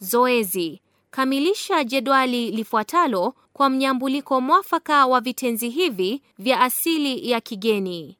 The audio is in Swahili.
Zoezi: kamilisha jedwali lifuatalo kwa mnyambuliko mwafaka wa vitenzi hivi vya asili ya kigeni.